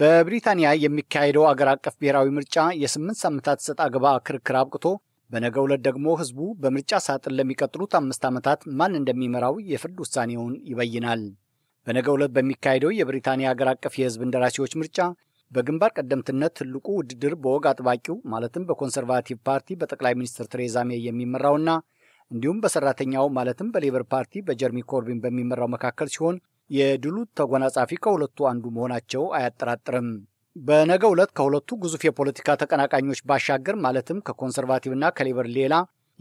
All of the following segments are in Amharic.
በብሪታንያ የሚካሄደው አገር አቀፍ ብሔራዊ ምርጫ የስምንት ሳምንታት ሰጥ አገባ ክርክር አብቅቶ በነገ ዕለት ደግሞ ህዝቡ በምርጫ ሳጥን ለሚቀጥሉት አምስት ዓመታት ማን እንደሚመራው የፍርድ ውሳኔውን ይበይናል። በነገ ዕለት በሚካሄደው የብሪታንያ አገር አቀፍ የህዝብ እንደራሴዎች ምርጫ በግንባር ቀደምትነት ትልቁ ውድድር በወግ አጥባቂው ማለትም በኮንሰርቫቲቭ ፓርቲ በጠቅላይ ሚኒስትር ቴሬዛ ሜይ የሚመራውና እንዲሁም በሰራተኛው ማለትም በሌበር ፓርቲ በጀርሚ ኮርቢን በሚመራው መካከል ሲሆን የድሉ ተጎናጻፊ ከሁለቱ አንዱ መሆናቸው አያጠራጥርም። በነገ ዕለት ከሁለቱ ግዙፍ የፖለቲካ ተቀናቃኞች ባሻገር ማለትም ከኮንሰርቫቲቭና ከሌበር ሌላ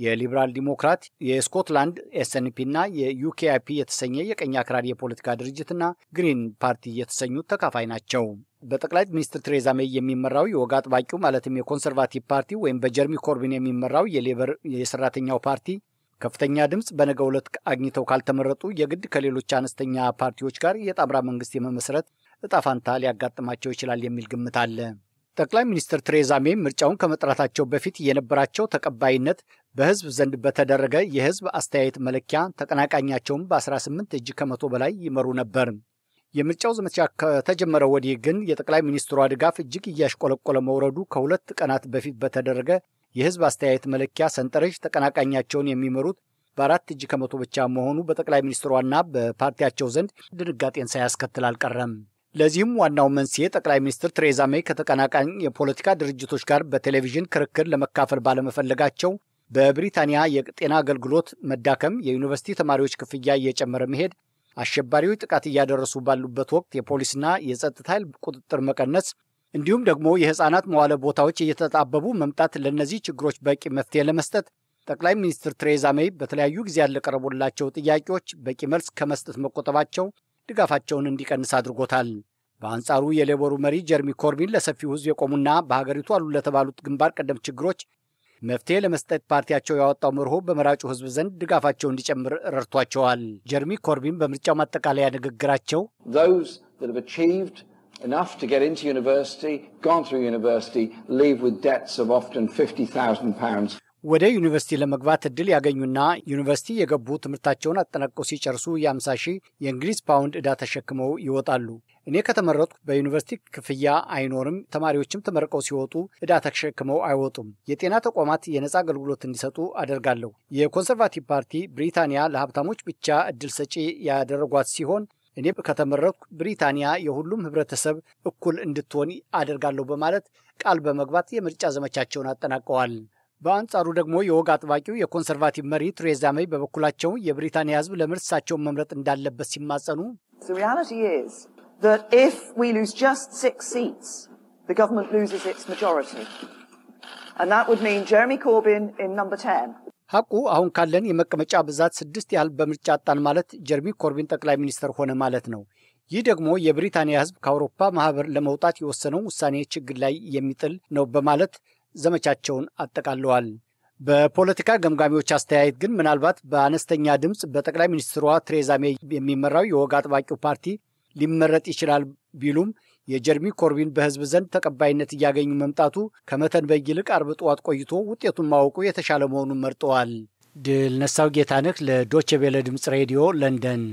የሊበራል ዲሞክራት፣ የስኮትላንድ ኤስኤንፒና የዩኬአይፒ የተሰኘ የቀኝ አክራሪ የፖለቲካ ድርጅትና ግሪን ፓርቲ የተሰኙ ተካፋይ ናቸው። በጠቅላይ ሚኒስትር ቴሬዛ ሜይ የሚመራው የወግ አጥባቂው ማለትም የኮንሰርቫቲቭ ፓርቲ ወይም በጀርሚ ኮርቢን የሚመራው የሌበር የሰራተኛው ፓርቲ ከፍተኛ ድምፅ በነገ ዕለት አግኝተው ካልተመረጡ የግድ ከሌሎች አነስተኛ ፓርቲዎች ጋር የጣምራ መንግስት የመመስረት እጣ ፋንታ ሊያጋጥማቸው ይችላል የሚል ግምት አለ። ጠቅላይ ሚኒስትር ቴሬዛ ሜይ ምርጫውን ከመጥራታቸው በፊት የነበራቸው ተቀባይነት በህዝብ ዘንድ በተደረገ የህዝብ አስተያየት መለኪያ ተቀናቃኛቸውን በ18 እጅ ከመቶ በላይ ይመሩ ነበር። የምርጫው ዘመቻ ከተጀመረ ወዲህ ግን የጠቅላይ ሚኒስትሯ ድጋፍ እጅግ እያሽቆለቆለ መውረዱ ከሁለት ቀናት በፊት በተደረገ የህዝብ አስተያየት መለኪያ ሰንጠረዥ ተቀናቃኛቸውን የሚመሩት በአራት እጅ ከመቶ ብቻ መሆኑ በጠቅላይ ሚኒስትሯና በፓርቲያቸው ዘንድ ድንጋጤን ሳያስከትል አልቀረም። ለዚህም ዋናው መንስኤ ጠቅላይ ሚኒስትር ቴሬዛ ሜይ ከተቀናቃኝ የፖለቲካ ድርጅቶች ጋር በቴሌቪዥን ክርክር ለመካፈል ባለመፈለጋቸው በብሪታንያ የጤና አገልግሎት መዳከም፣ የዩኒቨርሲቲ ተማሪዎች ክፍያ እየጨመረ መሄድ፣ አሸባሪዎች ጥቃት እያደረሱ ባሉበት ወቅት የፖሊስና የጸጥታ ኃይል ቁጥጥር መቀነስ፣ እንዲሁም ደግሞ የህፃናት መዋለ ቦታዎች እየተጣበቡ መምጣት ለእነዚህ ችግሮች በቂ መፍትሄ ለመስጠት ጠቅላይ ሚኒስትር ቴሬዛ ሜይ በተለያዩ ጊዜያት ለቀረቡላቸው ጥያቄዎች በቂ መልስ ከመስጠት መቆጠባቸው ድጋፋቸውን እንዲቀንስ አድርጎታል። በአንጻሩ የሌበሩ መሪ ጀርሚ ኮርቢን ለሰፊው ህዝብ የቆሙና በሀገሪቱ አሉ ለተባሉት ግንባር ቀደም ችግሮች መፍትሄ ለመስጠት ፓርቲያቸው ያወጣው መርሆ በመራጩ ህዝብ ዘንድ ድጋፋቸው እንዲጨምር ረድቷቸዋል። ጀርሚ ኮርቢን በምርጫው ማጠቃለያ ንግግራቸው enough to get into university, gone through university, leave with debts of often £50,000. ወደ ዩኒቨርሲቲ ለመግባት እድል ያገኙና ዩኒቨርሲቲ የገቡ ትምህርታቸውን አጠናቅቀው ሲጨርሱ የ50 ሺህ የእንግሊዝ ፓውንድ ዕዳ ተሸክመው ይወጣሉ። እኔ ከተመረጥኩ በዩኒቨርሲቲ ክፍያ አይኖርም። ተማሪዎችም ተመርቀው ሲወጡ ዕዳ ተሸክመው አይወጡም። የጤና ተቋማት የነፃ አገልግሎት እንዲሰጡ አደርጋለሁ። የኮንሰርቫቲቭ ፓርቲ ብሪታንያ ለሀብታሞች ብቻ እድል ሰጪ ያደረጓት ሲሆን እኔ ከተመረጥኩ ብሪታንያ የሁሉም ህብረተሰብ እኩል እንድትሆን አደርጋለሁ በማለት ቃል በመግባት የምርጫ ዘመቻቸውን አጠናቀዋል። በአንጻሩ ደግሞ የወግ አጥባቂው የኮንሰርቫቲቭ መሪ ቴሬዛ ሜይ በበኩላቸው የብሪታንያ ህዝብ ለምን መምረጥ እንዳለበት ሲማጸኑ ሀቁ አሁን ካለን የመቀመጫ ብዛት ስድስት ያህል በምርጫ አጣን ማለት ጀርሚ ኮርቢን ጠቅላይ ሚኒስተር ሆነ ማለት ነው። ይህ ደግሞ የብሪታንያ ሕዝብ ከአውሮፓ ማህበር ለመውጣት የወሰነው ውሳኔ ችግር ላይ የሚጥል ነው በማለት ዘመቻቸውን አጠቃለዋል። በፖለቲካ ገምጋሚዎች አስተያየት ግን ምናልባት በአነስተኛ ድምፅ በጠቅላይ ሚኒስትሯ ቴሬዛ ሜይ የሚመራው የወግ አጥባቂው ፓርቲ ሊመረጥ ይችላል ቢሉም የጀርሚ ኮርቢን በህዝብ ዘንድ ተቀባይነት እያገኙ መምጣቱ ከመተንበይ ይልቅ አርብ ጠዋት ቆይቶ ውጤቱን ማወቁ የተሻለ መሆኑን መርጠዋል። ድል ነሳው ጌታነህ ለዶቼ ቬለ ድምፅ ሬዲዮ ለንደን